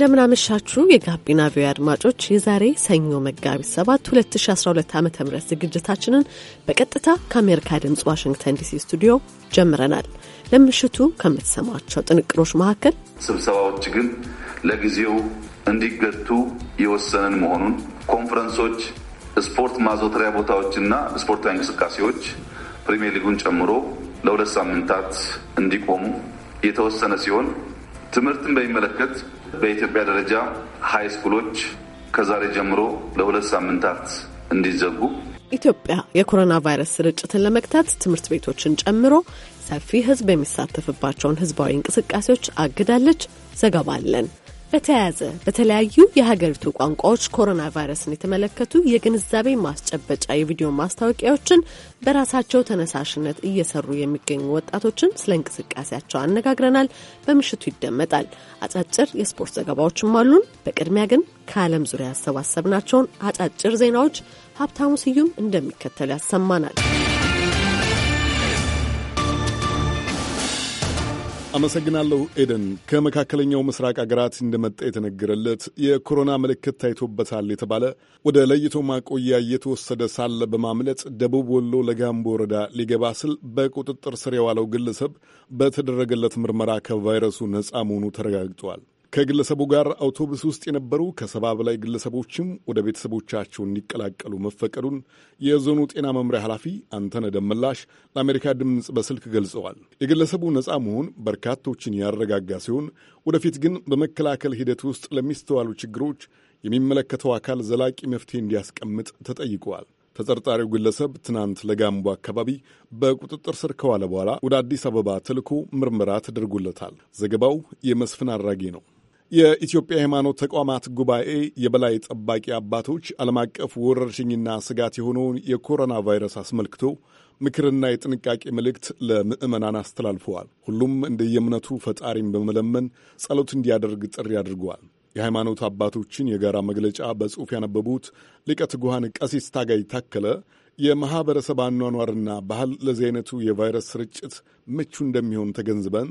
እንደምናመሻችሁ የጋቢና ቪዮ አድማጮች የዛሬ ሰኞ መጋቢት 7 2012 ዓ ም ዝግጅታችንን በቀጥታ ከአሜሪካ ድምፅ ዋሽንግተን ዲሲ ስቱዲዮ ጀምረናል። ለምሽቱ ከምትሰማቸው ጥንቅሮች መካከል ስብሰባዎች ግን ለጊዜው እንዲገቱ የወሰንን መሆኑን፣ ኮንፈረንሶች፣ ስፖርት ማዘውተሪያ ቦታዎችና ስፖርታዊ እንቅስቃሴዎች ፕሪሚየር ሊጉን ጨምሮ ለሁለት ሳምንታት እንዲቆሙ የተወሰነ ሲሆን ትምህርትን በሚመለከት በኢትዮጵያ ደረጃ ሀይ ስኩሎች ከዛሬ ጀምሮ ለሁለት ሳምንታት እንዲዘጉ ኢትዮጵያ የኮሮና ቫይረስ ስርጭትን ለመግታት ትምህርት ቤቶችን ጨምሮ ሰፊ ሕዝብ የሚሳተፍባቸውን ሕዝባዊ እንቅስቃሴዎች አግዳለች። ዘገባ በተያያዘ በተለያዩ የሀገሪቱ ቋንቋዎች ኮሮና ቫይረስን የተመለከቱ የግንዛቤ ማስጨበጫ የቪዲዮ ማስታወቂያዎችን በራሳቸው ተነሳሽነት እየሰሩ የሚገኙ ወጣቶችን ስለ እንቅስቃሴያቸው አነጋግረናል። በምሽቱ ይደመጣል። አጫጭር የስፖርት ዘገባዎችም አሉን። በቅድሚያ ግን ከዓለም ዙሪያ ያሰባሰብናቸውን አጫጭር ዜናዎች ሀብታሙ ስዩም እንደሚከተሉ ያሰማናል። አመሰግናለሁ ኤደን። ከመካከለኛው ምስራቅ አገራት እንደመጣ የተነገረለት የኮሮና ምልክት ታይቶበታል የተባለ ወደ ለይቶ ማቆያ እየተወሰደ ሳለ በማምለጥ ደቡብ ወሎ ለጋምቦ ወረዳ ሊገባ ስል በቁጥጥር ስር የዋለው ግለሰብ በተደረገለት ምርመራ ከቫይረሱ ነፃ መሆኑ ተረጋግጧል። ከግለሰቡ ጋር አውቶቡስ ውስጥ የነበሩ ከሰባ በላይ ግለሰቦችም ወደ ቤተሰቦቻቸው እንዲቀላቀሉ መፈቀዱን የዞኑ ጤና መምሪያ ኃላፊ አንተነ ደመላሽ ለአሜሪካ ድምፅ በስልክ ገልጸዋል። የግለሰቡ ነፃ መሆን በርካቶችን ያረጋጋ ሲሆን ወደፊት ግን በመከላከል ሂደት ውስጥ ለሚስተዋሉ ችግሮች የሚመለከተው አካል ዘላቂ መፍትሄ እንዲያስቀምጥ ተጠይቀዋል። ተጠርጣሪው ግለሰብ ትናንት ለጋምቦ አካባቢ በቁጥጥር ስር ከዋለ በኋላ ወደ አዲስ አበባ ተልኮ ምርመራ ተደርጎለታል። ዘገባው የመስፍን አድራጌ ነው። የኢትዮጵያ ሃይማኖት ተቋማት ጉባኤ የበላይ ጠባቂ አባቶች ዓለም አቀፍ ወረርሽኝና ስጋት የሆነውን የኮሮና ቫይረስ አስመልክቶ ምክርና የጥንቃቄ መልእክት ለምዕመናን አስተላልፈዋል። ሁሉም እንደየእምነቱ ፈጣሪን በመለመን ጸሎት እንዲያደርግ ጥሪ አድርገዋል። የሃይማኖት አባቶችን የጋራ መግለጫ በጽሑፍ ያነበቡት ሊቀ ትጉሃን ቀሲስ ታጋይ ታከለ የማኅበረሰብ አኗኗርና ባህል ለዚህ አይነቱ የቫይረስ ስርጭት ምቹ እንደሚሆን ተገንዝበን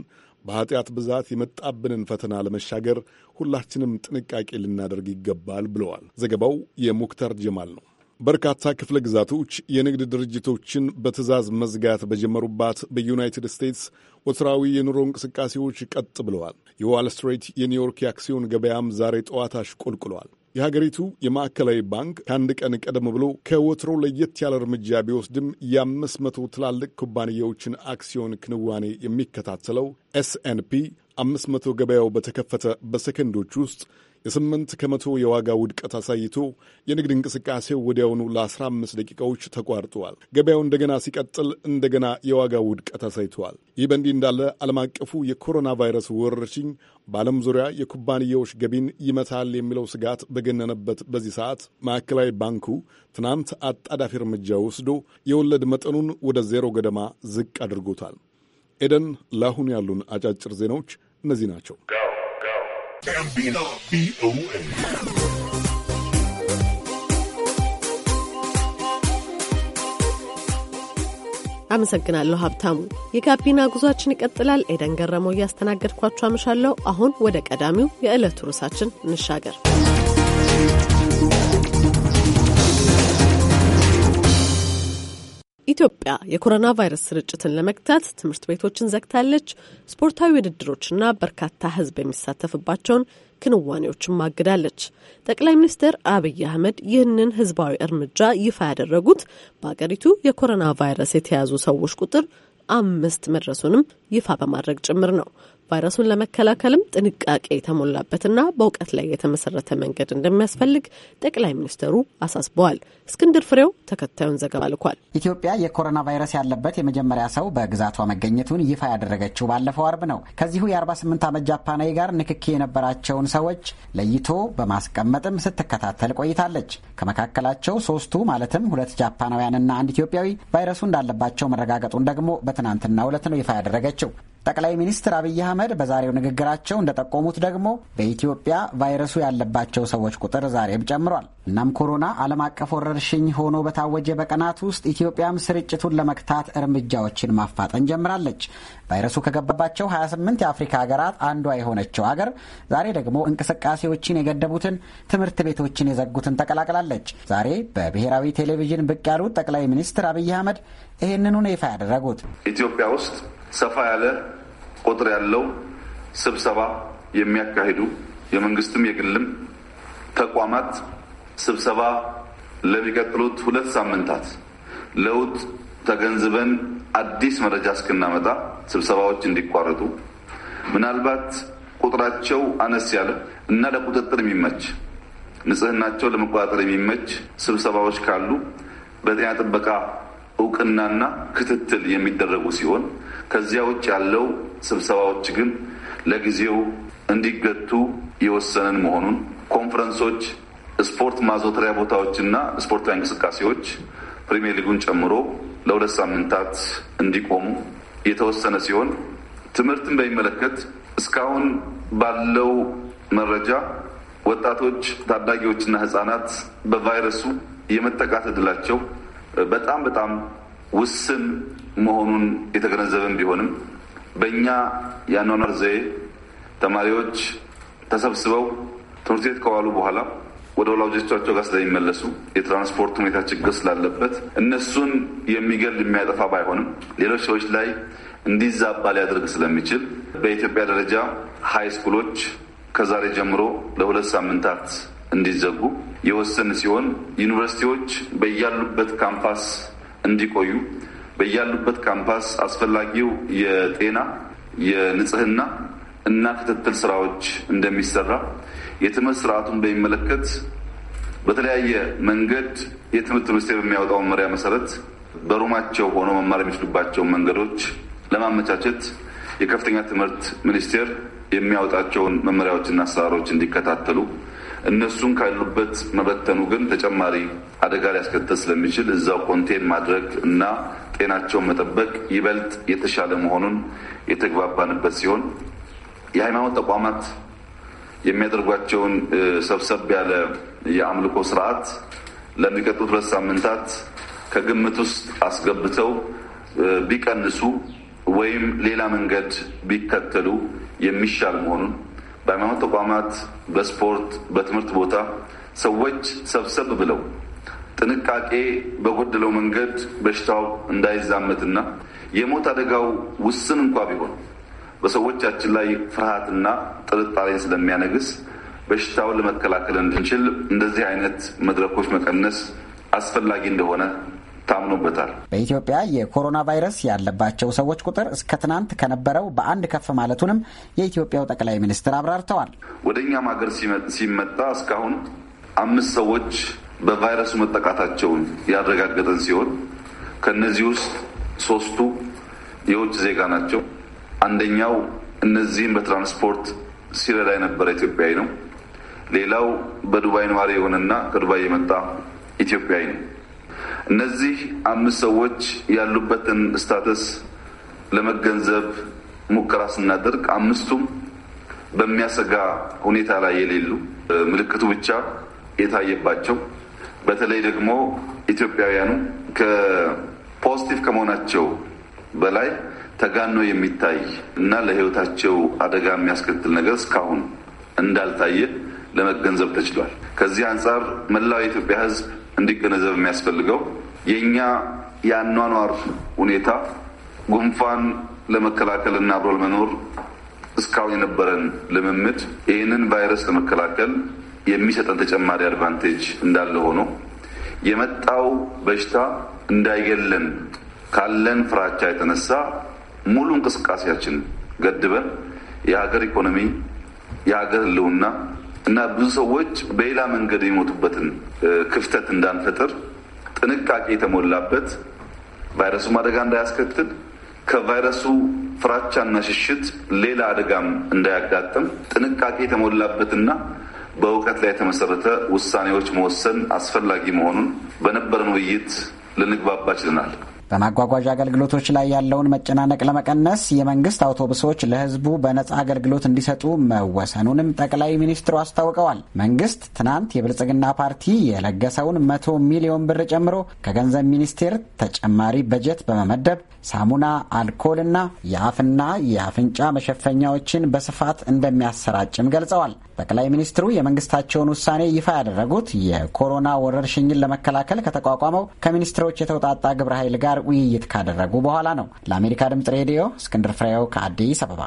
በኃጢአት ብዛት የመጣብንን ፈተና ለመሻገር ሁላችንም ጥንቃቄ ልናደርግ ይገባል ብለዋል። ዘገባው የሙክታር ጀማል ነው። በርካታ ክፍለ ግዛቶች የንግድ ድርጅቶችን በትዕዛዝ መዝጋት በጀመሩባት በዩናይትድ ስቴትስ ወትራዊ የኑሮ እንቅስቃሴዎች ቀጥ ብለዋል። የዋል ስትሪት የኒውዮርክ የአክሲዮን ገበያም ዛሬ ጠዋት አሽቆልቁለዋል። የሀገሪቱ የማዕከላዊ ባንክ ከአንድ ቀን ቀደም ብሎ ከወትሮ ለየት ያለ እርምጃ ቢወስድም የአምስት መቶ ትላልቅ ኩባንያዎችን አክሲዮን ክንዋኔ የሚከታተለው ኤስኤንፒ አምስት መቶ ገበያው በተከፈተ በሰከንዶች ውስጥ የስምንት ከመቶ የዋጋ ውድቀት አሳይቶ የንግድ እንቅስቃሴው ወዲያውኑ ለ15 ደቂቃዎች ተቋርጠዋል። ገበያው እንደገና ሲቀጥል እንደገና የዋጋ ውድቀት አሳይተዋል። ይህ በእንዲህ እንዳለ ዓለም አቀፉ የኮሮና ቫይረስ ወረርሽኝ በዓለም ዙሪያ የኩባንያዎች ገቢን ይመታል የሚለው ስጋት በገነነበት በዚህ ሰዓት ማዕከላዊ ባንኩ ትናንት አጣዳፊ እርምጃ ወስዶ የወለድ መጠኑን ወደ ዜሮ ገደማ ዝቅ አድርጎታል። ኤደን፣ ለአሁኑ ያሉን አጫጭር ዜናዎች እነዚህ ናቸው። አመሰግናለሁ ሀብታሙ። የጋቢና ጉዟችን ይቀጥላል። ኤደን ገረመው እያስተናገድኳችሁ አመሻለሁ። አሁን ወደ ቀዳሚው የዕለቱ ርዕሳችን እንሻገር። ኢትዮጵያ የኮሮና ቫይረስ ስርጭትን ለመግታት ትምህርት ቤቶችን ዘግታለች፣ ስፖርታዊ ውድድሮችና በርካታ ሕዝብ የሚሳተፍባቸውን ክንዋኔዎችን ማግዳለች። ጠቅላይ ሚኒስትር አብይ አህመድ ይህንን ህዝባዊ እርምጃ ይፋ ያደረጉት በአገሪቱ የኮሮና ቫይረስ የተያዙ ሰዎች ቁጥር አምስት መድረሱንም ይፋ በማድረግ ጭምር ነው። ቫይረሱን ለመከላከልም ጥንቃቄ የተሞላበትና በእውቀት ላይ የተመሰረተ መንገድ እንደሚያስፈልግ ጠቅላይ ሚኒስትሩ አሳስበዋል። እስክንድር ፍሬው ተከታዩን ዘገባ ልኳል። ኢትዮጵያ የኮሮና ቫይረስ ያለበት የመጀመሪያ ሰው በግዛቷ መገኘቱን ይፋ ያደረገችው ባለፈው አርብ ነው። ከዚሁ የ48 ዓመት ጃፓናዊ ጋር ንክኪ የነበራቸውን ሰዎች ለይቶ በማስቀመጥም ስትከታተል ቆይታለች። ከመካከላቸው ሶስቱ ማለትም ሁለት ጃፓናውያንና አንድ ኢትዮጵያዊ ቫይረሱ እንዳለባቸው መረጋገጡን ደግሞ በትናንትናው ዕለት ነው ይፋ ያደረገችው። ጠቅላይ ሚኒስትር አብይ አህመድ በዛሬው ንግግራቸው እንደጠቆሙት ደግሞ በኢትዮጵያ ቫይረሱ ያለባቸው ሰዎች ቁጥር ዛሬም ጨምሯል። እናም ኮሮና ዓለም አቀፍ ወረርሽኝ ሆኖ በታወጀ በቀናት ውስጥ ኢትዮጵያም ስርጭቱን ለመክታት እርምጃዎችን ማፋጠን ጀምራለች። ቫይረሱ ከገባባቸው 28 የአፍሪካ ሀገራት አንዷ የሆነችው አገር ዛሬ ደግሞ እንቅስቃሴዎችን የገደቡትን ትምህርት ቤቶችን የዘጉትን ተቀላቅላለች። ዛሬ በብሔራዊ ቴሌቪዥን ብቅ ያሉት ጠቅላይ ሚኒስትር አብይ አህመድ ይህንኑ ይፋ ያደረጉት ኢትዮጵያ ውስጥ ሰፋ ያለ ቁጥር ያለው ስብሰባ የሚያካሂዱ የመንግስትም የግልም ተቋማት ስብሰባ ለሚቀጥሉት ሁለት ሳምንታት ለውጥ ተገንዝበን አዲስ መረጃ እስክናመጣ ስብሰባዎች እንዲቋረጡ ምናልባት ቁጥራቸው አነስ ያለ እና ለቁጥጥር የሚመች ንጽህናቸው ለመቆጣጠር የሚመች ስብሰባዎች ካሉ በጤና ጥበቃ እውቅናና ክትትል የሚደረጉ ሲሆን ከዚያ ውጭ ያለው ስብሰባዎች ግን ለጊዜው እንዲገቱ የወሰንን መሆኑን ኮንፈረንሶች፣ ስፖርት ማዘውተሪያ ቦታዎችና ስፖርታዊ እንቅስቃሴዎች ፕሪሚየር ሊጉን ጨምሮ ለሁለት ሳምንታት እንዲቆሙ የተወሰነ ሲሆን ትምህርትን በሚመለከት እስካሁን ባለው መረጃ ወጣቶች ታዳጊዎችና ህጻናት በቫይረሱ የመጠቃት እድላቸው በጣም በጣም ውስን መሆኑን የተገነዘበን ቢሆንም በእኛ የአኗኗር ዘዬ ተማሪዎች ተሰብስበው ትምህርት ቤት ከዋሉ በኋላ ወደ ወላጆቻቸው ጋር ስለሚመለሱ የትራንስፖርት ሁኔታ ችግር ስላለበት እነሱን የሚገል የሚያጠፋ ባይሆንም ሌሎች ሰዎች ላይ እንዲዛባ ሊያደርግ ስለሚችል በኢትዮጵያ ደረጃ ሀይ ስኩሎች ከዛሬ ጀምሮ ለሁለት ሳምንታት እንዲዘጉ የወሰን ሲሆን ዩኒቨርሲቲዎች በያሉበት ካምፓስ እንዲቆዩ በያሉበት ካምፓስ አስፈላጊው የጤና የንጽህና እና ክትትል ስራዎች እንደሚሰራ የትምህርት ስርዓቱን በሚመለከት በተለያየ መንገድ የትምህርት ሚኒስቴር በሚያወጣው መመሪያ መሰረት በሩማቸው ሆኖ መማር የሚችሉባቸውን መንገዶች ለማመቻቸት የከፍተኛ ትምህርት ሚኒስቴር የሚያወጣቸውን መመሪያዎችና አሰራሮች እንዲከታተሉ እነሱን ካሉበት መበተኑ ግን ተጨማሪ አደጋ ሊያስከተል ስለሚችል እዛው ኮንቴን ማድረግ እና ጤናቸውን መጠበቅ ይበልጥ የተሻለ መሆኑን የተግባባንበት ሲሆን የሃይማኖት ተቋማት የሚያደርጓቸውን ሰብሰብ ያለ የአምልኮ ስርዓት ለሚቀጥሉት ሁለት ሳምንታት ከግምት ውስጥ አስገብተው ቢቀንሱ ወይም ሌላ መንገድ ቢከተሉ የሚሻል መሆኑን በሃይማኖት ተቋማት፣ በስፖርት፣ በትምህርት ቦታ ሰዎች ሰብሰብ ብለው ጥንቃቄ በጎደለው መንገድ በሽታው እንዳይዛመትና የሞት አደጋው ውስን እንኳ ቢሆን በሰዎቻችን ላይ ፍርሃትና ጥርጣሬን ስለሚያነግስ በሽታውን ለመከላከል እንድንችል እንደዚህ አይነት መድረኮች መቀነስ አስፈላጊ እንደሆነ ታምኖበታል። በኢትዮጵያ የኮሮና ቫይረስ ያለባቸው ሰዎች ቁጥር እስከ ትናንት ከነበረው በአንድ ከፍ ማለቱንም የኢትዮጵያው ጠቅላይ ሚኒስትር አብራርተዋል። ወደ እኛም ሀገር ሲመጣ እስካሁን አምስት ሰዎች በቫይረሱ መጠቃታቸውን ያረጋገጠን ሲሆን ከእነዚህ ውስጥ ሶስቱ የውጭ ዜጋ ናቸው። አንደኛው እነዚህም በትራንስፖርት ሲረዳ የነበረ ኢትዮጵያዊ ነው። ሌላው በዱባይ ነዋሪ የሆነና ከዱባይ የመጣ ኢትዮጵያዊ ነው። እነዚህ አምስት ሰዎች ያሉበትን ስታተስ ለመገንዘብ ሙከራ ስናደርግ አምስቱም በሚያሰጋ ሁኔታ ላይ የሌሉ ምልክቱ ብቻ የታየባቸው በተለይ ደግሞ ኢትዮጵያውያኑ ከፖዚቲቭ ከመሆናቸው በላይ ተጋኖ የሚታይ እና ለሕይወታቸው አደጋ የሚያስከትል ነገር እስካሁን እንዳልታየ ለመገንዘብ ተችሏል። ከዚህ አንጻር መላው የኢትዮጵያ ሕዝብ እንዲገነዘብ የሚያስፈልገው የእኛ የአኗኗር ሁኔታ ጉንፋን ለመከላከልና አብሮ ለመኖር እስካሁን የነበረን ልምምድ ይህንን ቫይረስ ለመከላከል የሚሰጠን ተጨማሪ አድቫንቴጅ እንዳለ ሆኖ የመጣው በሽታ እንዳይገለን ካለን ፍራቻ የተነሳ ሙሉ እንቅስቃሴያችን ገድበን የሀገር ኢኮኖሚ፣ የሀገር ሕልውና እና ብዙ ሰዎች በሌላ መንገድ የሚሞቱበትን ክፍተት እንዳንፈጥር ጥንቃቄ የተሞላበት ቫይረሱም አደጋ እንዳያስከትል ከቫይረሱ ፍራቻና ሽሽት ሌላ አደጋም እንዳያጋጥም ጥንቃቄ የተሞላበትና በእውቀት ላይ የተመሰረተ ውሳኔዎች መወሰን አስፈላጊ መሆኑን በነበረን ውይይት ልንግባባ ችለናል። በማጓጓዣ አገልግሎቶች ላይ ያለውን መጨናነቅ ለመቀነስ የመንግስት አውቶቡሶች ለህዝቡ በነፃ አገልግሎት እንዲሰጡ መወሰኑንም ጠቅላይ ሚኒስትሩ አስታውቀዋል። መንግስት ትናንት የብልጽግና ፓርቲ የለገሰውን መቶ ሚሊዮን ብር ጨምሮ ከገንዘብ ሚኒስቴር ተጨማሪ በጀት በመመደብ ሳሙና፣ አልኮልና የአፍና የአፍንጫ መሸፈኛዎችን በስፋት እንደሚያሰራጭም ገልጸዋል። ጠቅላይ ሚኒስትሩ የመንግስታቸውን ውሳኔ ይፋ ያደረጉት የኮሮና ወረርሽኝን ለመከላከል ከተቋቋመው ከሚኒስትሮች የተውጣጣ ግብረ ኃይል ጋር ውይይት ካደረጉ በኋላ ነው። ለአሜሪካ ድምጽ ሬዲዮ እስክንድር ፍሬው ከአዲስ አበባ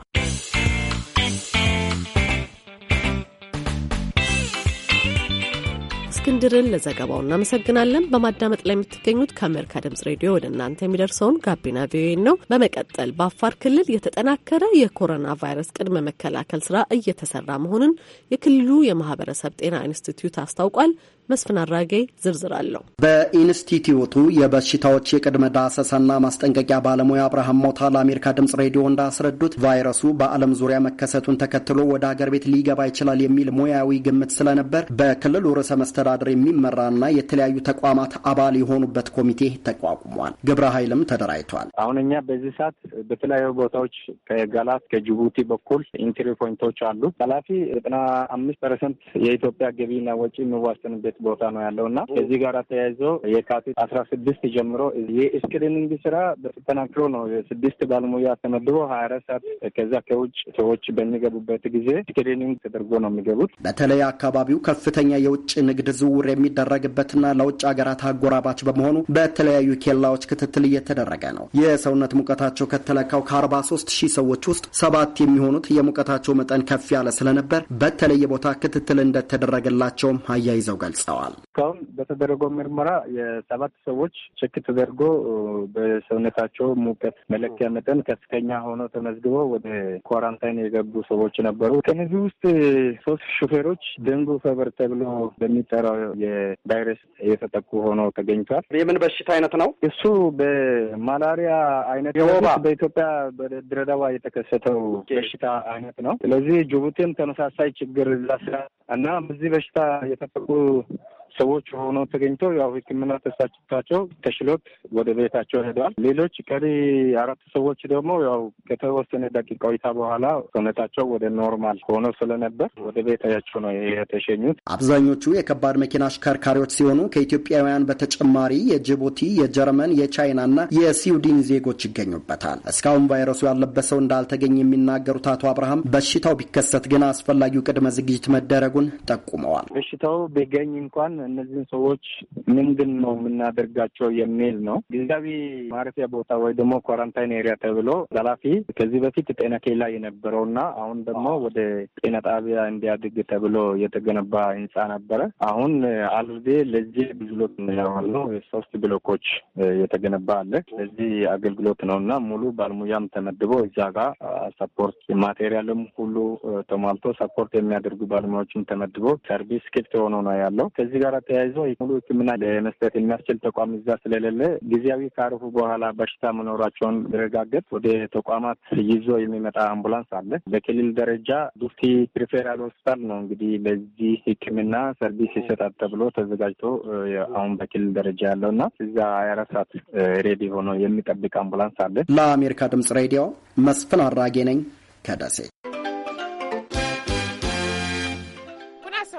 እስክንድርን ለዘገባው እናመሰግናለን። በማዳመጥ ላይ የምትገኙት ከአሜሪካ ድምጽ ሬዲዮ ወደ እናንተ የሚደርሰውን ጋቢና ቪኦኤ ነው። በመቀጠል በአፋር ክልል የተጠናከረ የኮሮና ቫይረስ ቅድመ መከላከል ስራ እየተሰራ መሆኑን የክልሉ የማህበረሰብ ጤና ኢንስቲትዩት አስታውቋል። መስፍን አራጌ ዝርዝር አለው። በኢንስቲትዩቱ የበሽታዎች የቅድመ ዳሰሳና ማስጠንቀቂያ ባለሙያ አብርሃም ሞታ ለአሜሪካ ድምጽ ሬዲዮ እንዳስረዱት ቫይረሱ በዓለም ዙሪያ መከሰቱን ተከትሎ ወደ ሀገር ቤት ሊገባ ይችላል የሚል ሙያዊ ግምት ስለነበር በክልሉ ርዕሰ መስተዳደ አስተዳደር የሚመራና የተለያዩ ተቋማት አባል የሆኑበት ኮሚቴ ተቋቁሟል። ግብረ ኃይልም ተደራጅቷል። አሁን እኛ በዚህ ሰዓት በተለያዩ ቦታዎች ከጋላት ከጅቡቲ በኩል ኢንትሪ ፖይንቶች አሉ። ኃላፊ ዘጠና አምስት ፐርሰንት የኢትዮጵያ ገቢና ወጪ የሚዋሰንበት ቦታ ነው ያለው እና ከዚህ ጋር ተያይዞ የካቲት አስራ ስድስት ጀምሮ የስክሪኒንግ ስራ በተጠናክሮ ነው ስድስት ባለሙያ ተመድቦ ሀያ አራት ሰዓት ከዛ ከውጭ ሰዎች በሚገቡበት ጊዜ ስክሪኒንግ ተደርጎ ነው የሚገቡት። በተለይ አካባቢው ከፍተኛ የውጭ ንግድ ዝ ዝውውር የሚደረግበትና ለውጭ ሀገራት አጎራባች በመሆኑ በተለያዩ ኬላዎች ክትትል እየተደረገ ነው። የሰውነት ሙቀታቸው ከተለካው ከ43 ሺህ ሰዎች ውስጥ ሰባት የሚሆኑት የሙቀታቸው መጠን ከፍ ያለ ስለነበር በተለየ ቦታ ክትትል እንደተደረገላቸውም አያይዘው ገልጸዋል። እስካሁን በተደረገው ምርመራ የሰባት ሰዎች ቼክ ተደርጎ በሰውነታቸው ሙቀት መለኪያ መጠን ከፍተኛ ሆኖ ተመዝግቦ ወደ ኳራንታይን የገቡ ሰዎች ነበሩ። ከነዚህ ውስጥ ሶስት ሹፌሮች ደንጉ ፈበር ተብሎ በሚጠራው የቫይረስ የተጠቁ ሆኖ ተገኝቷል። የምን በሽታ አይነት ነው እሱ? በማላሪያ አይነት በኢትዮጵያ በድሬዳዋ የተከሰተው በሽታ አይነት ነው። ስለዚህ ጅቡቲም ተመሳሳይ ችግር ላስራ እና በዚህ በሽታ የተጠቁ ሰዎች ሆነው ተገኝተው ያው ሕክምና ተሳችቷቸው ተሽሎት ወደ ቤታቸው ሄደዋል። ሌሎች ቀሪ አራት ሰዎች ደግሞ ያው ከተወሰነ ደቂቃ ቆይታ በኋላ ሰውነታቸው ወደ ኖርማል ሆኖ ስለነበር ወደ ቤታቸው ነው የተሸኙት። አብዛኞቹ የከባድ መኪና አሽከርካሪዎች ሲሆኑ ከኢትዮጵያውያን በተጨማሪ የጅቡቲ፣ የጀርመን፣ የቻይና እና የስዊድን ዜጎች ይገኙበታል። እስካሁን ቫይረሱ ያለበት ሰው እንዳልተገኘ የሚናገሩት አቶ አብርሃም በሽታው ቢከሰት ግን አስፈላጊው ቅድመ ዝግጅት መደረጉን ጠቁመዋል። በሽታው ቢገኝ እንኳን እነዚህን ሰዎች ምንድን ነው የምናደርጋቸው የሚል ነው። ጊዜያዊ ማረፊያ ቦታ ወይ ደግሞ ኳራንታይን ኤሪያ ተብሎ ኃላፊ ከዚህ በፊት ጤና ኬላ የነበረውና አሁን ደግሞ ወደ ጤና ጣቢያ እንዲያድግ ተብሎ የተገነባ ህንፃ ነበረ። አሁን አልሬዲ ለዚህ ብሎት ነው ሶስት ብሎኮች የተገነባ አለ። ለዚህ አገልግሎት ነው እና ሙሉ ባልሙያም ተመድቦ እዛ ጋር ሰፖርት ማቴሪያልም ሁሉ ተሟልቶ ሰፖርት የሚያደርጉ ባለሙያዎችም ተመድቦ ሰርቪስ ክፍት ሆኖ ነው ያለው። ከዚህ ጋር ጋር ተያይዞ ሙሉ ሕክምና ለመስጠት የሚያስችል ተቋም እዛ ስለሌለ ጊዜያዊ ካረፉ በኋላ በሽታ መኖራቸውን ረጋገጥ ወደ ተቋማት ይዞ የሚመጣ አምቡላንስ አለ። በክልል ደረጃ ዱፍቲ ሪፌራል ሆስፒታል ነው እንግዲህ ለዚህ ሕክምና ሰርቪስ ይሰጣል ተብሎ ተዘጋጅቶ አሁን በክልል ደረጃ ያለው እና እዛ ሀያ አራት ሰዓት ሬዲ ሆኖ የሚጠብቅ አምቡላንስ አለ። ለአሜሪካ ድምጽ ሬዲዮ መስፍን አራጌ ነኝ ከደሴ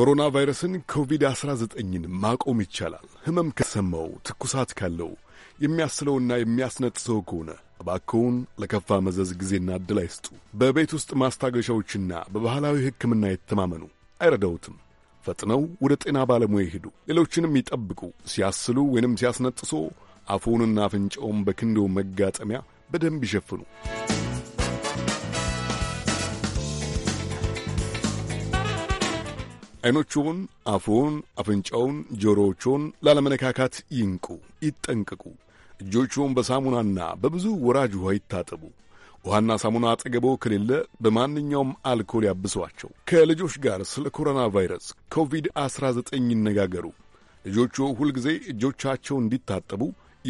ኮሮና ቫይረስን ኮቪድ-19ን ማቆም ይቻላል። ህመም ከሰማው፣ ትኩሳት ካለው፣ የሚያስለውና የሚያስነጥሰው ከሆነ እባክዎን ለከፋ መዘዝ ጊዜና ዕድል አይስጡ። በቤት ውስጥ ማስታገሻዎችና በባህላዊ ሕክምና የተማመኑ አይረዳውትም። ፈጥነው ወደ ጤና ባለሙያ ይሄዱ። ሌሎችንም ይጠብቁ። ሲያስሉ ወይንም ሲያስነጥሶ አፉንና አፍንጫውን በክንዶ መጋጠሚያ በደንብ ይሸፍኑ። አይኖቹን፣ አፉን፣ አፍንጫውን፣ ጆሮዎቹን ላለመነካካት ይንቁ፣ ይጠንቀቁ። እጆቹን በሳሙናና በብዙ ወራጅ ውሃ ይታጠቡ። ውሃና ሳሙና አጠገቦ ከሌለ በማንኛውም አልኮል ያብሷቸው። ከልጆች ጋር ስለ ኮሮና ቫይረስ ኮቪድ-19 ይነጋገሩ። ልጆቹ ሁልጊዜ እጆቻቸው እንዲታጠቡ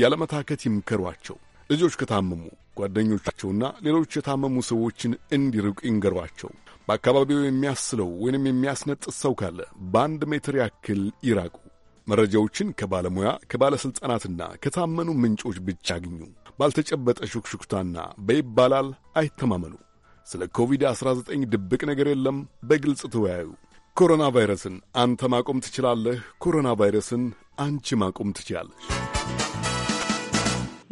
ያለመታከት ይምከሯቸው። ልጆች ከታመሙ ጓደኞቻቸውና ሌሎች የታመሙ ሰዎችን እንዲርቁ ይንገሯቸው። በአካባቢው የሚያስለው ወይንም የሚያስነጥስ ሰው ካለ በአንድ ሜትር ያክል ይራቁ። መረጃዎችን ከባለሙያ ከባለሥልጣናትና ከታመኑ ምንጮች ብቻ አግኙ። ባልተጨበጠ ሹክሹክታና በይባላል አይተማመኑ። ስለ ኮቪድ-19 ድብቅ ነገር የለም፣ በግልጽ ተወያዩ። ኮሮና ቫይረስን አንተ ማቆም ትችላለህ። ኮሮና ቫይረስን አንቺ ማቆም ትችላለች።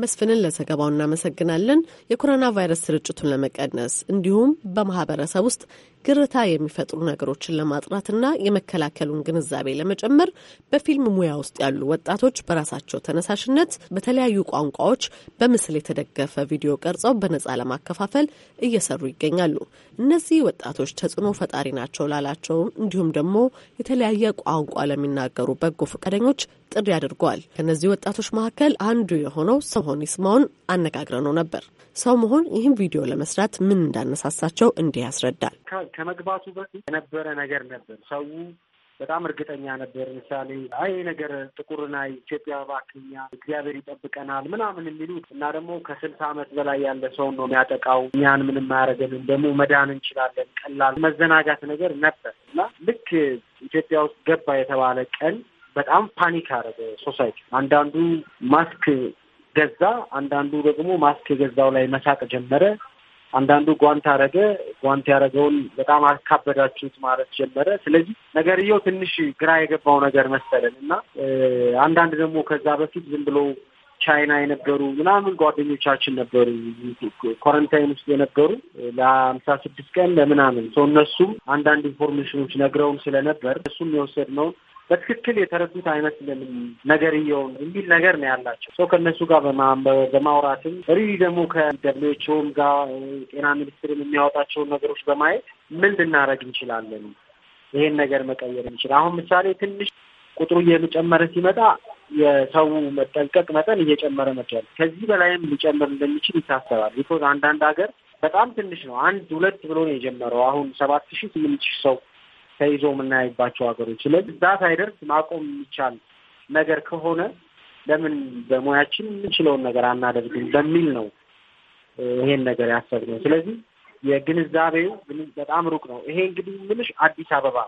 መስፍንን ለዘገባው እናመሰግናለን። የኮሮና ቫይረስ ስርጭቱን ለመቀነስ እንዲሁም በማህበረሰብ ውስጥ ግርታ የሚፈጥሩ ነገሮችን ለማጥራትና የመከላከሉን ግንዛቤ ለመጨመር በፊልም ሙያ ውስጥ ያሉ ወጣቶች በራሳቸው ተነሳሽነት በተለያዩ ቋንቋዎች በምስል የተደገፈ ቪዲዮ ቀርጸው በነጻ ለማከፋፈል እየሰሩ ይገኛሉ። እነዚህ ወጣቶች ተጽዕኖ ፈጣሪ ናቸው ላላቸው እንዲሁም ደግሞ የተለያየ ቋንቋ ለሚናገሩ በጎ ፈቃደኞች ጥሪ አድርገዋል። ከእነዚህ ወጣቶች መካከል አንዱ የሆነው ሰሆን ይስማውን አነጋግረ ነው ነበር። ሰው መሆን ይህን ቪዲዮ ለመስራት ምን እንዳነሳሳቸው እንዲህ ያስረዳል። ከመግባቱ በፊት የነበረ ነገር ነበር ሰው በጣም እርግጠኛ ነበር። ምሳሌ አይ ነገር ጥቁርና ኢትዮጵያ ባክኛ እግዚአብሔር ይጠብቀናል ምናምን የሚሉት እና ደግሞ ከስልሳ ዓመት በላይ ያለ ሰውን ነው የሚያጠቃው እኛን ምንም አያደርገንም ደግሞ መዳን እንችላለን ቀላል መዘናጋት ነገር ነበር እና ልክ ኢትዮጵያ ውስጥ ገባ የተባለ ቀን በጣም ፓኒክ አደረገ ሶሳይቲ። አንዳንዱ ማስክ ገዛ፣ አንዳንዱ ደግሞ ማስክ የገዛው ላይ መሳቅ ጀመረ። አንዳንዱ ጓንት አረገ። ጓንት ያደረገውን በጣም አካበዳችሁት ማለት ጀመረ። ስለዚህ ነገርየው ትንሽ ግራ የገባው ነገር መሰለን እና አንዳንድ ደግሞ ከዛ በፊት ዝም ብሎ ቻይና የነበሩ ምናምን ጓደኞቻችን ነበሩ ኮረንታይን ውስጥ የነበሩ ለአምሳ ስድስት ቀን ለምናምን ሰው እነሱም አንዳንድ ኢንፎርሜሽኖች ነግረውን ስለነበር እሱም የወሰድነውን በትክክል የተረዱት ነገር እየሆኑ የሚል ነገር ነው ያላቸው ሰው ከእነሱ ጋር በማውራትም ሪ ደግሞ ከደብሊውኤችኦም ጋር ጤና ሚኒስትርም የሚያወጣቸውን ነገሮች በማየት ምን ልናደርግ እንችላለን፣ ይሄን ነገር መቀየር እንችል። አሁን ምሳሌ ትንሽ ቁጥሩ እየጨመረ ሲመጣ የሰው መጠንቀቅ መጠን እየጨመረ መጥቷል። ከዚህ በላይም ሊጨምር እንደሚችል ይታሰባል። ቢኮዝ አንዳንድ ሀገር በጣም ትንሽ ነው። አንድ ሁለት ብሎ ነው የጀመረው። አሁን ሰባት ሺህ ስምንት ሺህ ሰው ተይዞ የምናይባቸው ሀገሮች። ስለዚህ ዛት አይደርስ ማቆም የሚቻል ነገር ከሆነ ለምን በሙያችን የምንችለውን ነገር አናደርግም በሚል ነው ይሄን ነገር ያሰብነው። ስለዚህ የግንዛቤው በጣም ሩቅ ነው። ይሄ እንግዲህ ምልሽ አዲስ አበባ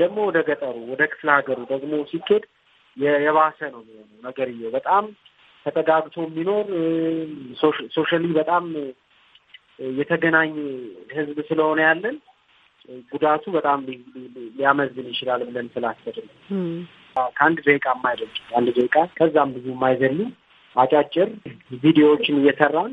ደግሞ ወደ ገጠሩ ወደ ክፍለ ሀገሩ ደግሞ ሲኬድ የባሰ ነው የሚሆነው ነገርየው በጣም ተጠጋግቶ የሚኖር ሶሻሊ በጣም የተገናኝ ህዝብ ስለሆነ ያለን ጉዳቱ በጣም ሊያመዝን ይችላል ብለን ስላሰብን ከአንድ ደቂቃ የማይደርሱ አንድ ደቂቃ ከዛም ብዙ የማይዘሉ አጫጭር ቪዲዮዎችን እየሰራን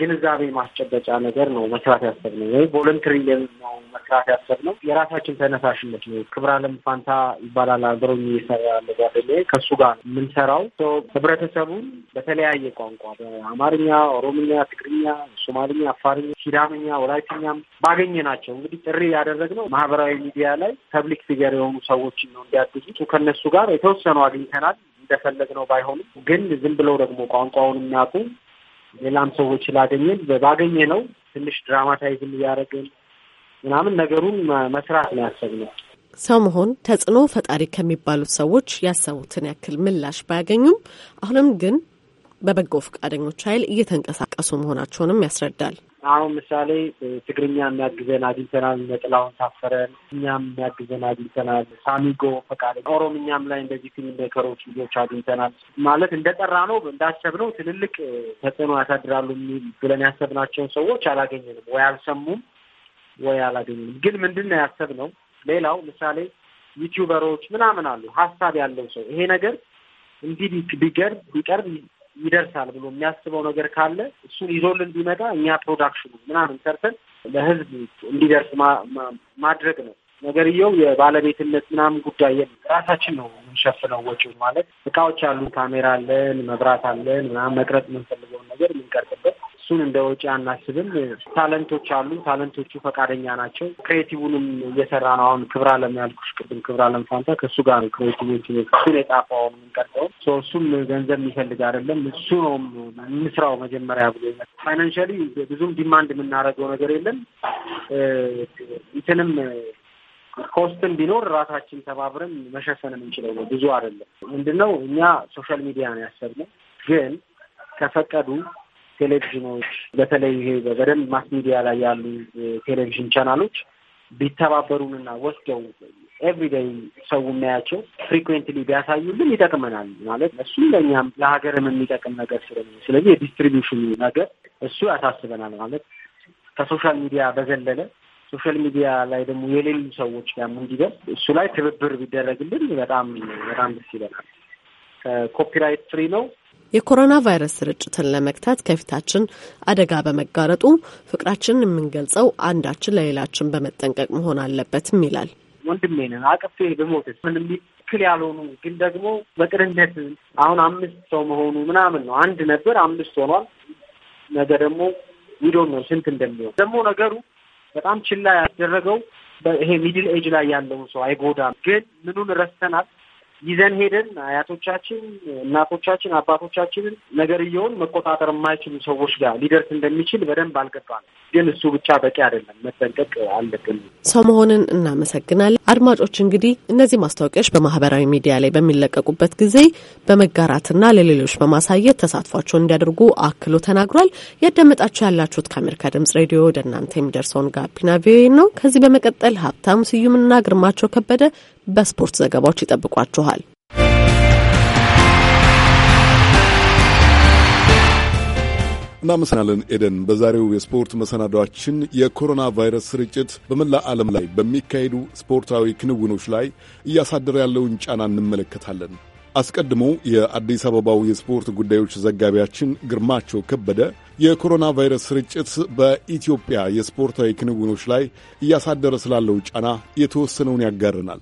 ግንዛቤ ማስጨበጫ ነገር ነው መስራት ያሰብነው፣ ወይ ቮለንትሪ ነው መስራት ያሰብነው። የራሳችን ተነሳሽነት ነው። ክብረ አለም ፋንታ ይባላል አብሮ የሚሰራ ያለ ጓደኛዬ፣ ከሱ ጋር ነው የምንሰራው። ህብረተሰቡን በተለያየ ቋንቋ በአማርኛ፣ ኦሮምኛ፣ ትግርኛ፣ ሶማልኛ፣ አፋርኛ፣ ሲዳምኛ፣ ወላይትኛም ባገኘ ናቸው እንግዲህ ጥሪ ያደረግነው ማህበራዊ ሚዲያ ላይ ፐብሊክ ፊገር የሆኑ ሰዎችን ነው እንዲያግዙ ከነሱ ጋር የተወሰኑ አግኝተናል። ነው ባይሆንም ግን ዝም ብለው ደግሞ ቋንቋውን የሚያውቁ ሌላም ሰዎች ላገኘን ባገኘ ነው ትንሽ ድራማታይዝም እያደረግን ምናምን ነገሩን መስራት ነው ያሰብነው። ሰው መሆን ተጽዕኖ ፈጣሪ ከሚባሉት ሰዎች ያሰቡትን ያክል ምላሽ ባያገኙም አሁንም ግን በበጎ ፈቃደኞች ኃይል እየተንቀሳቀሱ መሆናቸውንም ያስረዳል። አሁን ምሳሌ ትግርኛ የሚያግዘን አግኝተናል። ነጥላውን ታፈረን እኛም የሚያግዘን አግኝተናል። ሳሚጎ ፈቃደ ኦሮምኛም ላይ እንደዚህ ፊልም ሜከሮች ልጆች አግኝተናል። ማለት እንደጠራ ነው እንዳሰብነው ትልልቅ ተጽዕኖ ያሳድራሉ ብለን ያሰብናቸውን ሰዎች አላገኘንም፣ ወይ አልሰሙም፣ ወይ አላገኘንም። ግን ምንድን ነው ነው ሌላው ምሳሌ ዩቲዩበሮች ምናምን አሉ ሀሳብ ያለው ሰው ይሄ ነገር እንዲህ ቢቀርብ ቢቀርብ ይደርሳል ብሎ የሚያስበው ነገር ካለ እሱን ይዞልን ቢመጣ እኛ ፕሮዳክሽኑ ምናምን ሰርተን ለህዝብ እንዲደርስ ማድረግ ነው። ነገርየው የባለቤትነት ምናምን ጉዳይ የለም። ራሳችን ነው የምንሸፍነው ወጪውን። ማለት እቃዎች አሉ፣ ካሜራ አለን፣ መብራት አለን፣ ምናምን መቅረጽ የምንፈልገውን ነገር የምንቀርጥበት እሱን እንደ ወጪ አናስብም። ታለንቶች አሉ። ታለንቶቹ ፈቃደኛ ናቸው። ክሬቲቡንም እየሰራ ነው። አሁን ክብር አለም ያልኩሽ ቅድም ክብር አለም ፋንታ ከእሱ ጋር ነው ክሬቲቭ እሱን የጻፈውን የምንቀርጠው እሱም ገንዘብ የሚፈልግ አይደለም። እሱ ነው እንስራው መጀመሪያ ብሎ ፋይናንሻሊ ብዙም ዲማንድ የምናደርገው ነገር የለም። እንትንም ኮስትን ቢኖር ራሳችን ተባብረን መሸፈን የምንችለው ነው። ብዙ አይደለም። ምንድነው እኛ ሶሻል ሚዲያ ነው ያሰብነው ግን ከፈቀዱ ቴሌቪዥኖች በተለይ ይሄ በደንብ ማስ ሚዲያ ላይ ያሉ ቴሌቪዥን ቻናሎች ቢተባበሩንና ወስደው ኤቭሪደይ ሰው የሚያያቸው ፍሪኩዌንትሊ ቢያሳዩልን ይጠቅመናል። ማለት እሱም ለእኛም ለሀገርም የሚጠቅም ነገር ስለሆነ ስለዚህ የዲስትሪቢዩሽን ነገር እሱ ያሳስበናል። ማለት ከሶሻል ሚዲያ በዘለለ ሶሻል ሚዲያ ላይ ደግሞ የሌሉ ሰዎች ጋር እንዲደርስ እሱ ላይ ትብብር ቢደረግልን በጣም በጣም ደስ ይለናል። ኮፒራይት ፍሪ ነው። የኮሮና ቫይረስ ስርጭትን ለመግታት ከፊታችን አደጋ በመጋረጡ ፍቅራችንን የምንገልጸው አንዳችን ለሌላችን በመጠንቀቅ መሆን አለበትም ይላል። ወንድሜን አቅፌ በሞትስ ምን ትክክል ያልሆኑ ግን ደግሞ በቅንነት አሁን አምስት ሰው መሆኑ ምናምን ነው። አንድ ነበር አምስት ሆኗል። ነገ ደግሞ ዊዶን ነው ስንት እንደሚሆን ደግሞ ነገሩ በጣም ችላ ያደረገው ይሄ ሚድል ኤጅ ላይ ያለውን ሰው አይጎዳም። ግን ምኑን ረስተናል ይዘን ሄደን አያቶቻችን፣ እናቶቻችን፣ አባቶቻችንን ነገርየውን መቆጣጠር የማይችሉ ሰዎች ጋር ሊደርስ እንደሚችል በደንብ አልገባንም። ግን እሱ ብቻ በቂ አይደለም፣ መጠንቀቅ አለብን። ሰው መሆንን እናመሰግናለን። አድማጮች እንግዲህ እነዚህ ማስታወቂያዎች በማህበራዊ ሚዲያ ላይ በሚለቀቁበት ጊዜ በመጋራትና ለሌሎች በማሳየት ተሳትፏቸውን እንዲያደርጉ አክሎ ተናግሯል። ያዳመጣችሁ ያላችሁት ከአሜሪካ ድምጽ ሬዲዮ ወደ እናንተ የሚደርሰውን ጋቢና ቪኦኤ ነው። ከዚህ በመቀጠል ሀብታሙ ስዩምና ግርማቸው ከበደ በስፖርት ዘገባዎች ይጠብቋችኋል። እናመሰናለን ኤደን። በዛሬው የስፖርት መሰናዷችን የኮሮና ቫይረስ ስርጭት በመላ ዓለም ላይ በሚካሄዱ ስፖርታዊ ክንውኖች ላይ እያሳደረ ያለውን ጫና እንመለከታለን። አስቀድሞ የአዲስ አበባው የስፖርት ጉዳዮች ዘጋቢያችን ግርማቸው ከበደ የኮሮና ቫይረስ ስርጭት በኢትዮጵያ የስፖርታዊ ክንውኖች ላይ እያሳደረ ስላለው ጫና የተወሰነውን ያጋርናል።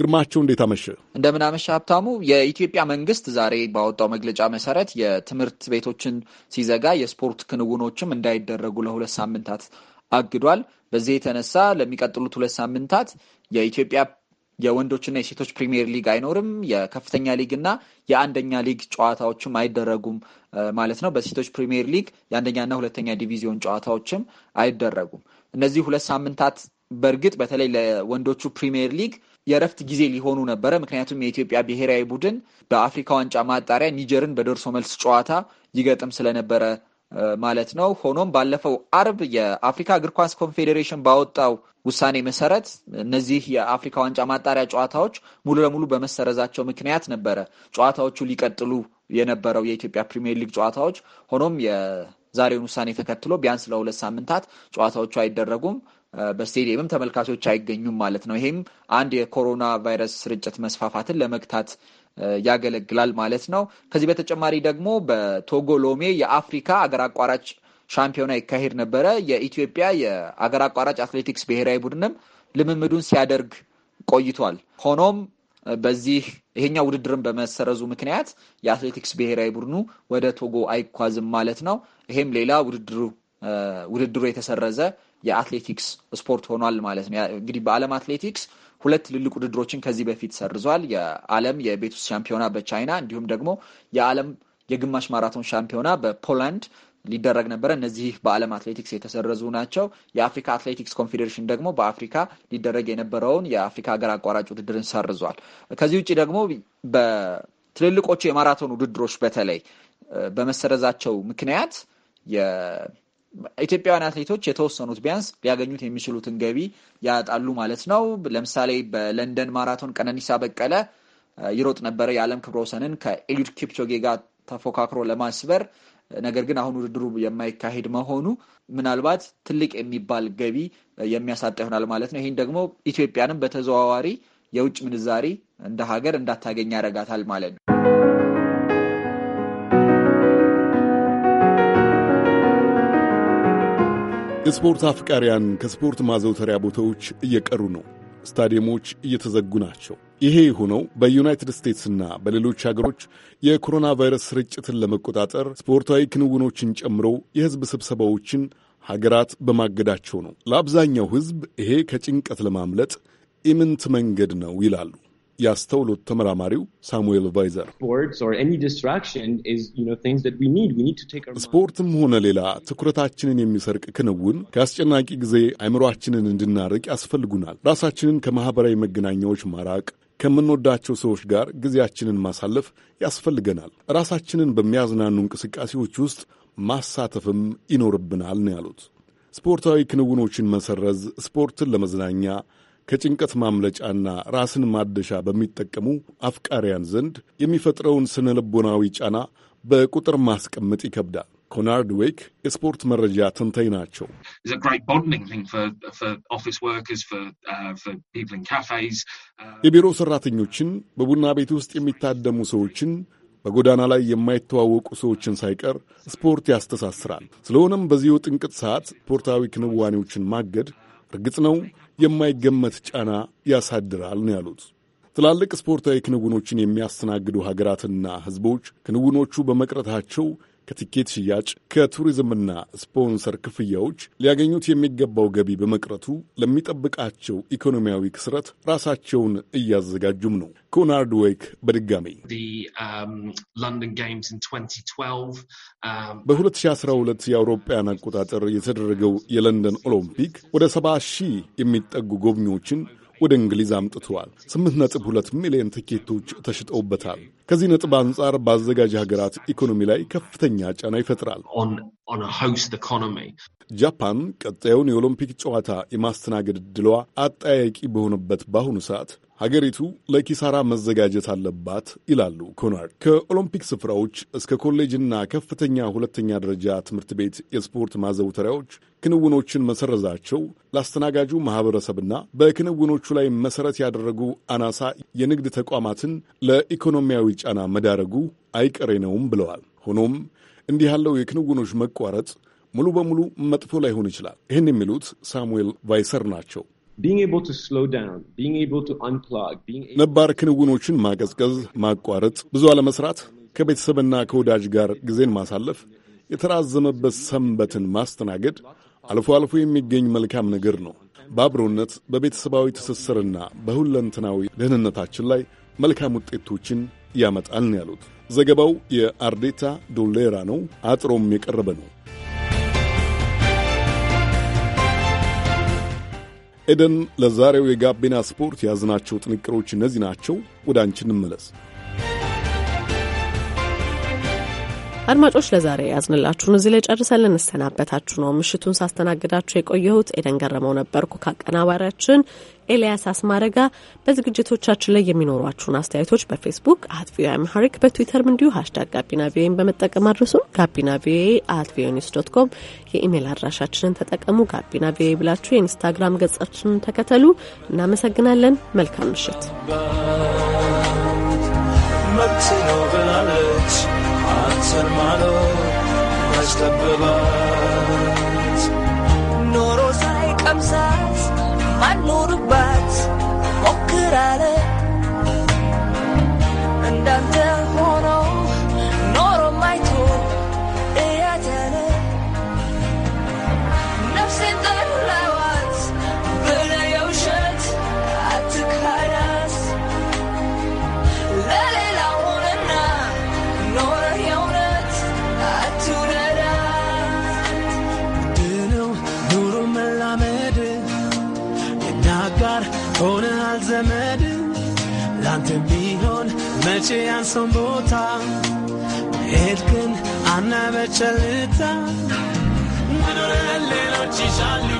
ግርማቸው እንዴት አመሸ? እንደምን አመሸ ሀብታሙ። የኢትዮጵያ መንግስት ዛሬ ባወጣው መግለጫ መሰረት የትምህርት ቤቶችን ሲዘጋ የስፖርት ክንውኖችም እንዳይደረጉ ለሁለት ሳምንታት አግዷል። በዚህ የተነሳ ለሚቀጥሉት ሁለት ሳምንታት የኢትዮጵያ የወንዶችና የሴቶች ፕሪሚየር ሊግ አይኖርም። የከፍተኛ ሊግ እና የአንደኛ ሊግ ጨዋታዎችም አይደረጉም ማለት ነው። በሴቶች ፕሪሚየር ሊግ የአንደኛና ሁለተኛ ዲቪዚዮን ጨዋታዎችም አይደረጉም። እነዚህ ሁለት ሳምንታት በእርግጥ በተለይ ለወንዶቹ ፕሪሚየር ሊግ የእረፍት ጊዜ ሊሆኑ ነበረ። ምክንያቱም የኢትዮጵያ ብሔራዊ ቡድን በአፍሪካ ዋንጫ ማጣሪያ ኒጀርን በደርሶ መልስ ጨዋታ ይገጥም ስለነበረ ማለት ነው። ሆኖም ባለፈው አርብ የአፍሪካ እግር ኳስ ኮንፌዴሬሽን ባወጣው ውሳኔ መሰረት እነዚህ የአፍሪካ ዋንጫ ማጣሪያ ጨዋታዎች ሙሉ ለሙሉ በመሰረዛቸው ምክንያት ነበረ ጨዋታዎቹ ሊቀጥሉ የነበረው የኢትዮጵያ ፕሪሚየር ሊግ ጨዋታዎች። ሆኖም የዛሬውን ውሳኔ ተከትሎ ቢያንስ ለሁለት ሳምንታት ጨዋታዎቹ አይደረጉም። በስቴዲየምም ተመልካቾች አይገኙም ማለት ነው። ይሄም አንድ የኮሮና ቫይረስ ስርጭት መስፋፋትን ለመግታት ያገለግላል ማለት ነው። ከዚህ በተጨማሪ ደግሞ በቶጎ ሎሜ የአፍሪካ አገር አቋራጭ ሻምፒዮና ይካሄድ ነበረ። የኢትዮጵያ የአገር አቋራጭ አትሌቲክስ ብሔራዊ ቡድንም ልምምዱን ሲያደርግ ቆይቷል። ሆኖም በዚህ ይሄኛው ውድድርን በመሰረዙ ምክንያት የአትሌቲክስ ብሔራዊ ቡድኑ ወደ ቶጎ አይጓዝም ማለት ነው። ይሄም ሌላ ውድድሩ ውድድሩ የተሰረዘ የአትሌቲክስ ስፖርት ሆኗል ማለት ነው። እንግዲህ በዓለም አትሌቲክስ ሁለት ትልልቅ ውድድሮችን ከዚህ በፊት ሰርዟል። የዓለም የቤት ውስጥ ሻምፒዮና በቻይና እንዲሁም ደግሞ የዓለም የግማሽ ማራቶን ሻምፒዮና በፖላንድ ሊደረግ ነበረ። እነዚህ በዓለም አትሌቲክስ የተሰረዙ ናቸው። የአፍሪካ አትሌቲክስ ኮንፌዴሬሽን ደግሞ በአፍሪካ ሊደረግ የነበረውን የአፍሪካ ሀገር አቋራጭ ውድድርን ሰርዟል። ከዚህ ውጭ ደግሞ በትልልቆቹ የማራቶን ውድድሮች በተለይ በመሰረዛቸው ምክንያት ኢትዮጵያውያን አትሌቶች የተወሰኑት ቢያንስ ሊያገኙት የሚችሉትን ገቢ ያጣሉ ማለት ነው። ለምሳሌ በለንደን ማራቶን ቀነኒሳ በቀለ ይሮጥ ነበረ የዓለም ክብረ ወሰንን ከኤሊድ ኪፕቾጌ ጋር ተፎካክሮ ለማስበር ነገር ግን አሁን ውድድሩ የማይካሄድ መሆኑ ምናልባት ትልቅ የሚባል ገቢ የሚያሳጣ ይሆናል ማለት ነው። ይህን ደግሞ ኢትዮጵያንም በተዘዋዋሪ የውጭ ምንዛሪ እንደ ሀገር እንዳታገኝ ያደርጋታል ማለት ነው። የስፖርት አፍቃሪያን ከስፖርት ማዘውተሪያ ቦታዎች እየቀሩ ነው። ስታዲየሞች እየተዘጉ ናቸው። ይሄ የሆነው በዩናይትድ ስቴትስና በሌሎች ሀገሮች የኮሮና ቫይረስ ስርጭትን ለመቆጣጠር ስፖርታዊ ክንውኖችን ጨምሮ የሕዝብ ስብሰባዎችን ሀገራት በማገዳቸው ነው። ለአብዛኛው ሕዝብ ይሄ ከጭንቀት ለማምለጥ ኢምንት መንገድ ነው ይላሉ። ያስተውሉት ተመራማሪው ሳሙኤል ቫይዘር ስፖርትም ሆነ ሌላ ትኩረታችንን የሚሰርቅ ክንውን ከአስጨናቂ ጊዜ አይምሯችንን እንድናርቅ ያስፈልጉናል። ራሳችንን ከማኅበራዊ መገናኛዎች ማራቅ ከምንወዳቸው ሰዎች ጋር ጊዜያችንን ማሳለፍ ያስፈልገናል። ራሳችንን በሚያዝናኑ እንቅስቃሴዎች ውስጥ ማሳተፍም ይኖርብናል ነው ያሉት። ስፖርታዊ ክንውኖችን መሰረዝ ስፖርትን ለመዝናኛ ከጭንቀት ማምለጫና ራስን ማደሻ በሚጠቀሙ አፍቃሪያን ዘንድ የሚፈጥረውን ስነ ልቦናዊ ጫና በቁጥር ማስቀመጥ ይከብዳል። ኮናርድ ዌክ የስፖርት መረጃ ትንተኝ ናቸው። uh, uh, የቢሮ ሰራተኞችን፣ በቡና ቤት ውስጥ የሚታደሙ ሰዎችን፣ በጎዳና ላይ የማይተዋወቁ ሰዎችን ሳይቀር ስፖርት ያስተሳስራል። ስለሆነም በዚሁ ጥንቅት ሰዓት ስፖርታዊ ክንዋኔዎችን ማገድ እርግጥ ነው የማይገመት ጫና ያሳድራል ነው ያሉት። ትላልቅ ስፖርታዊ ክንውኖችን የሚያስተናግዱ ሀገራትና ሕዝቦች ክንውኖቹ በመቅረታቸው ከትኬት ሽያጭ፣ ከቱሪዝምና ስፖንሰር ክፍያዎች ሊያገኙት የሚገባው ገቢ በመቅረቱ ለሚጠብቃቸው ኢኮኖሚያዊ ክስረት ራሳቸውን እያዘጋጁም ነው። ኮናርድ ዌክ በድጋሚ um, um, በ2012 የአውሮፓውያን አቆጣጠር የተደረገው የለንደን ኦሎምፒክ ወደ 7 ሺህ የሚጠጉ ጎብኚዎችን ወደ እንግሊዝ አምጥተዋል። 8.2 ሚሊዮን ትኬቶች ተሽጠውበታል። ከዚህ ነጥብ አንጻር በአዘጋጅ ሀገራት ኢኮኖሚ ላይ ከፍተኛ ጫና ይፈጥራል። ጃፓን ቀጣዩን የኦሎምፒክ ጨዋታ የማስተናገድ ዕድሏ አጣያቂ በሆነበት በአሁኑ ሰዓት ሀገሪቱ ለኪሳራ መዘጋጀት አለባት ይላሉ ኮናርድ። ከኦሎምፒክ ስፍራዎች እስከ ኮሌጅና ከፍተኛ ሁለተኛ ደረጃ ትምህርት ቤት የስፖርት ማዘውተሪያዎች ክንውኖችን መሰረዛቸው ለአስተናጋጁ ማህበረሰብና በክንውኖቹ ላይ መሰረት ያደረጉ አናሳ የንግድ ተቋማትን ለኢኮኖሚያዊ ጫና መዳረጉ አይቀሬ ነውም ብለዋል። ሆኖም እንዲህ ያለው የክንውኖች መቋረጥ ሙሉ በሙሉ መጥፎ ላይሆን ይችላል። ይህን የሚሉት ሳሙኤል ቫይሰር ናቸው። ነባር ክንውኖችን ማቀዝቀዝ፣ ማቋረጥ፣ ብዙ አለመስራት፣ ከቤተሰብና ከወዳጅ ጋር ጊዜን ማሳለፍ፣ የተራዘመበት ሰንበትን ማስተናገድ አልፎ አልፎ የሚገኝ መልካም ነገር ነው። በአብሮነት በቤተሰባዊ ትስስርና በሁለንተናዊ ደህንነታችን ላይ መልካም ውጤቶችን ያመጣልን ያሉት ዘገባው የአርዴታ ዶሌራ ነው። አጥሮም የቀረበ ነው። ኤደን፣ ለዛሬው የጋቢና ስፖርት የያዝናቸው ጥንቅሮች እነዚህ ናቸው። ወደ አንቺ እንመለስ። አድማጮች ለዛሬ ያዝንላችሁን እዚህ ላይ ጨርሰልን ልንሰናበታችሁ ነው። ምሽቱን ሳስተናግዳችሁ የቆየሁት ኤደን ገረመው ነበርኩ ከአቀናባሪያችን ኤልያስ አስማረጋ። በዝግጅቶቻችን ላይ የሚኖሯችሁን አስተያየቶች በፌስቡክ አት ቪኦኤ አምሃሪክ በትዊተርም እንዲሁ ሀሽታግ ጋቢና ቪኦኤን በመጠቀም አድርሱን። ጋቢና ቪኦኤ አት ቪኦኤ ኒውስ ዶት ኮም የኢሜይል አድራሻችንን ተጠቀሙ። ጋቢና ቪኦኤ ብላችሁ የኢንስታግራም ገጻችንን ተከተሉ። እናመሰግናለን። መልካም ምሽት። ሰልማኖት መስከበባት ኖሮ ሳይ ቀምሳት ማኖርባት ሞክራለ Invece han sombota Erkin anna ve çalita Madurelle non ci